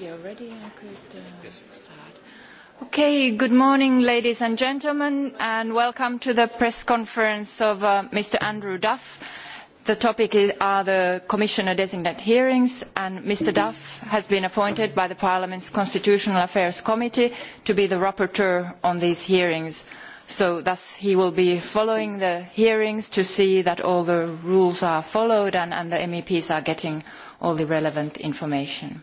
here ready, I could uh, yes. start. Okay, good morning, ladies and gentlemen, and welcome to the press conference of uh, Mr. Andrew Duff. The topic is, are the Commissioner designate hearings, and Mr. Duff has been appointed by the Parliament's Constitutional Affairs Committee to be the rapporteur on these hearings. So thus he will be following the hearings to see that all the rules are followed and, and the MEPs are getting all the relevant information.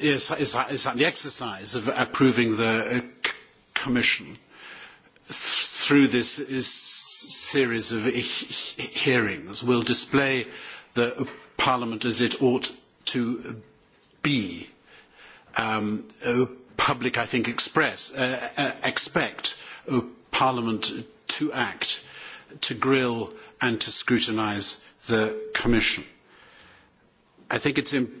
is, that the exercise of approving the Commission through this series of hearings will display the Parliament as it ought to be. public, I think, express, expect Parliament to act, to grill and to scrutinise the Commission. I think it's important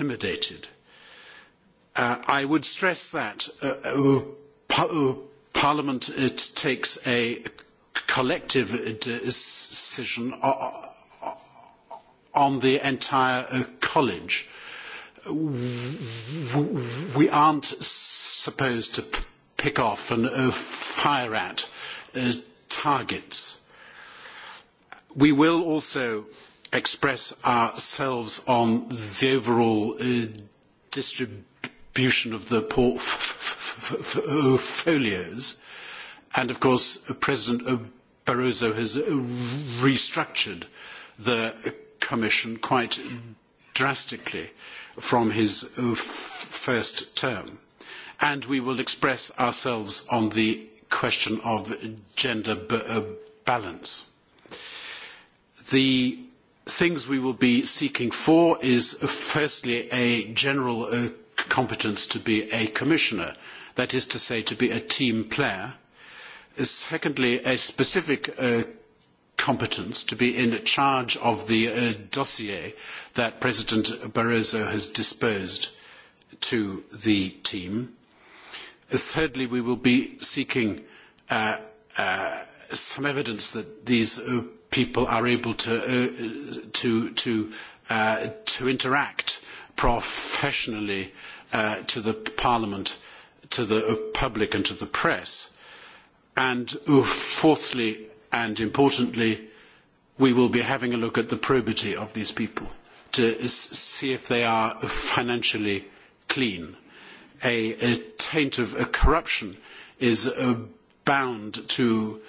intimidated. I would stress that Parliament takes a collective decision on the entire college. We aren't supposed to pick off and fire at targets. We will also express ourselves on the overall distribution of the portfolios. And of course, President Barroso has restructured the Commission quite drastically from his first term. And we will express ourselves on the question of gender balance. The things we will be seeking for is firstly a general competence to be a commissioner, that is to say, to be a team player. Secondly, a specific competence to be in charge of the dossier that President Barroso has disposed to the team. Thirdly, we will be seeking some evidence that these people are able to, uh, to, to, uh, to interact professionally uh, to the Parliament, to the public and to the press. And fourthly and importantly, we will be having a look at the probity of these people to see if they are financially clean. A, taint of corruption is bound to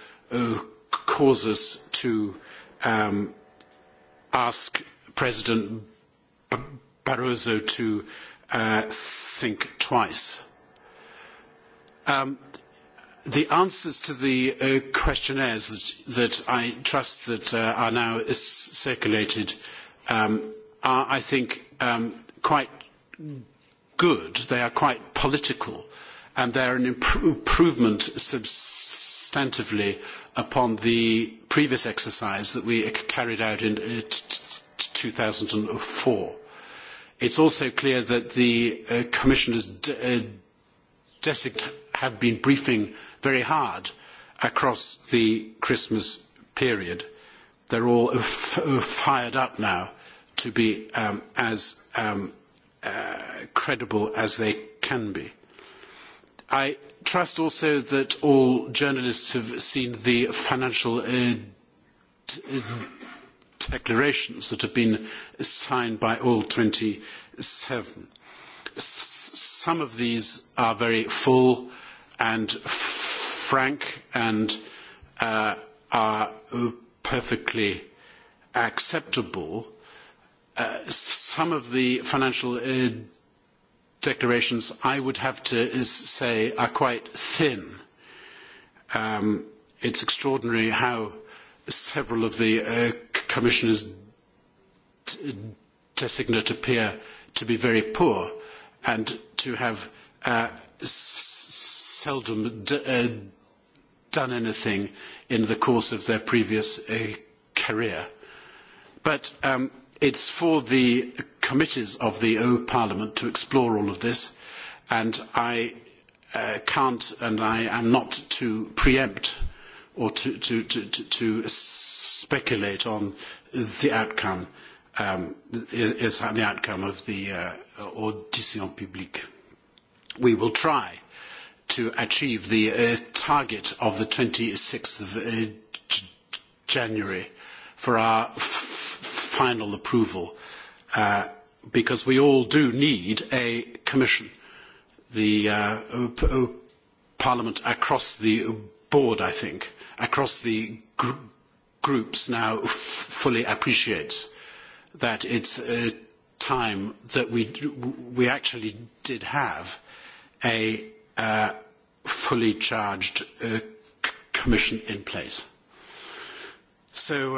cause us to ask President Barroso to think twice. the answers to the questionnaires that, I trust that are now circulated are, I think, quite good. They are quite political, and they are an improvement substantively upon the previous exercise that we carried out in two thousand and four. It is also clear that the commissioners designate have been briefing very hard across the Christmas period. They are all fired up now to be as credible as they can be. I trust also that all journalists have seen the financial declarations that have been signed by all twenty seven. Some of these are very full and frank and are perfectly acceptable. some of the financial declarations, I would have to say, are quite thin. Um, it's extraordinary how several of the commissioners designate appear to be very poor and to have seldom done anything in the course of their previous career. But um, it's for the committees of the Parliament to explore all of this, and I can't and I am not to preempt or to, to, to, to speculate on the outcome um, is the outcome of the uh, audition publique. We will try to achieve the uh, target of the 26th of uh, January for our f- final approval uh, because we all do need a commission. The Parliament across the board, I think, across the groups now fully appreciates that it's uh, time that we, we actually did have a fully charged commission in place. So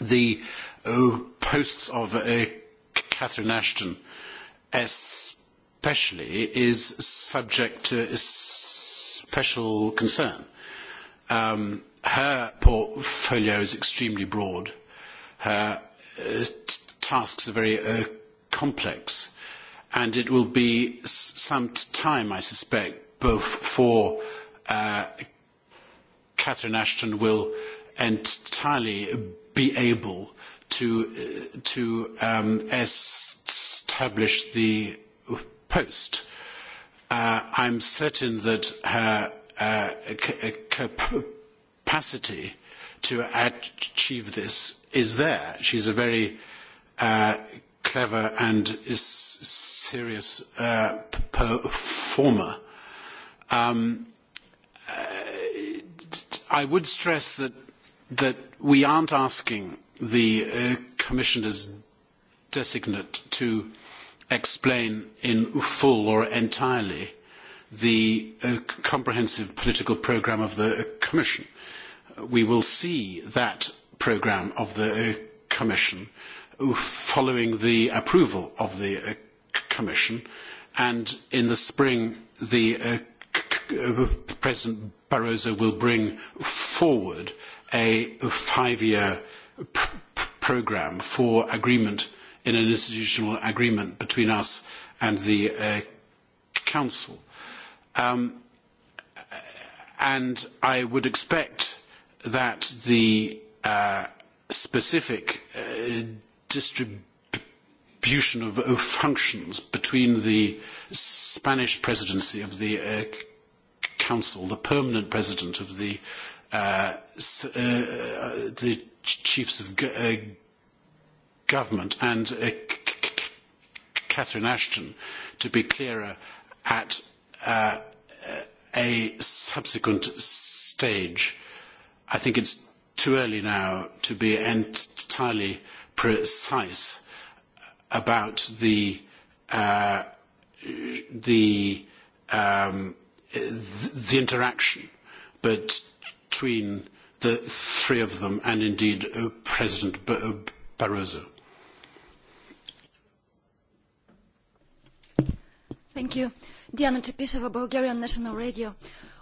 the posts of Catherine Ashton especially is subject to special concern. her portfolio is extremely broad. Her tasks are very complex. And it will be some time, I suspect, before Catherine Ashton will entirely be able to, to establish the post. I am certain that her capacity to achieve this is there. She is a very clever and serious performer. I would stress that that we aren't asking the commissioners designate to explain in full or entirely the comprehensive political programme of the Commission. We will see that programme of the Commission following the approval of the Commission and in the spring the President Barroso will bring forward a five-year programme for agreement in an institutional agreement between us and the Council. and I would expect that the specific distribution of functions between the Spanish presidency of the Council, the permanent president of the the chiefs of government and Catherine Ashton to be clearer at a subsequent stage. I think it's too early now to be entirely precise about the the the interaction, but between the three of them and indeed President Barroso? Thank you. Diana Tepisova, Bulgarian National Radio.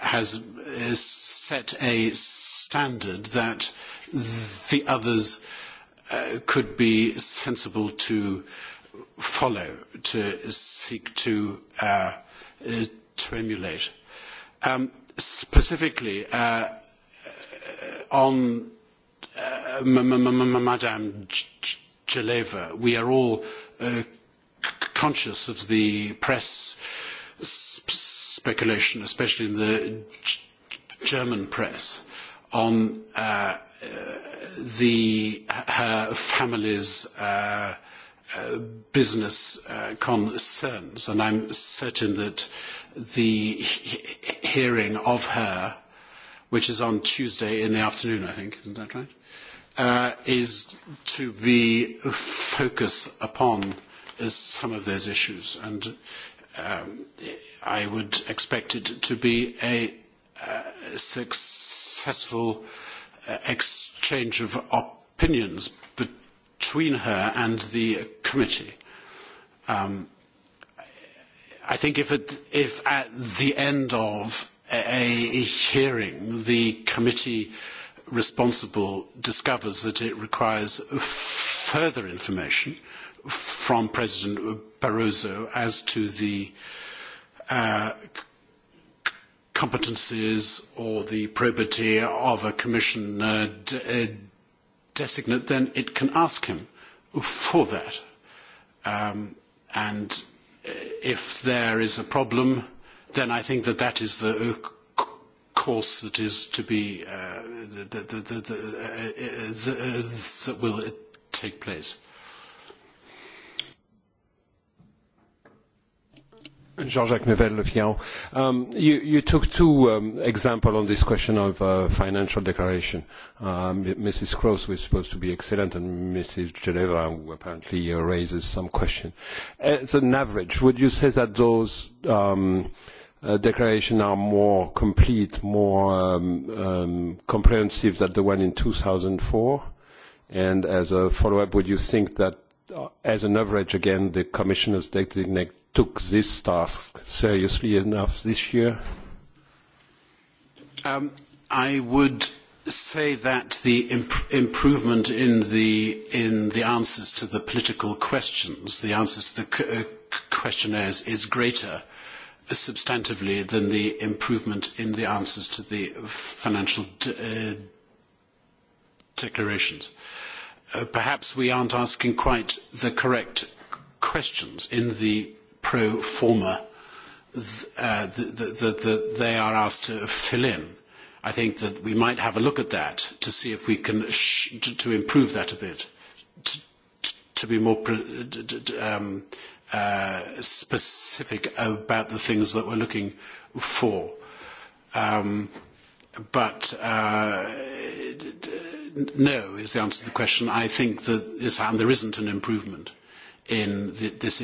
has set a standard that the others could be sensible to follow, to seek to, emulate. specifically, on Madame Geleva, we are all conscious of the press speculation, especially in the German press, on the her family's business concerns, and I'm certain that the hearing of her, which is on Tuesday in the afternoon, I think, isn't that right? Uh, is to be focus upon some of those issues, and I would expect it to be a successful exchange of opinions between her and the committee. I think if at, if at the end of a hearing the committee responsible discovers that it requires further information from President Barroso as to the competencies or the probity of a commission designate, then it can ask him for that. and if there is a problem, then I think that that is the course that is to be uh uh that will take place. Jean-Jacques Mevel, Le Figaro. You took two examples on this question of financial declaration. Mrs. Kroes was supposed to be excellent, and Mrs. Geneva, who apparently raises some question. As an average, would you say that those declarations are more complete, more comprehensive than the one in 2004? And as a follow-up, would you think that, as an average, again, the commissioners designate took this task seriously enough this year? I would say that the improvement in the in the answers to the political questions, the answers to the questionnaires, is greater substantively than the improvement in the answers to the financial declarations. Perhaps we aren't asking quite the correct questions in the pro forma that they are asked to fill in. I think that we might have a look at that to see if we can to improve that a bit, to be more specific about the things that we're looking for. But no is the answer to the question. I think that this, and there isn't an improvement in this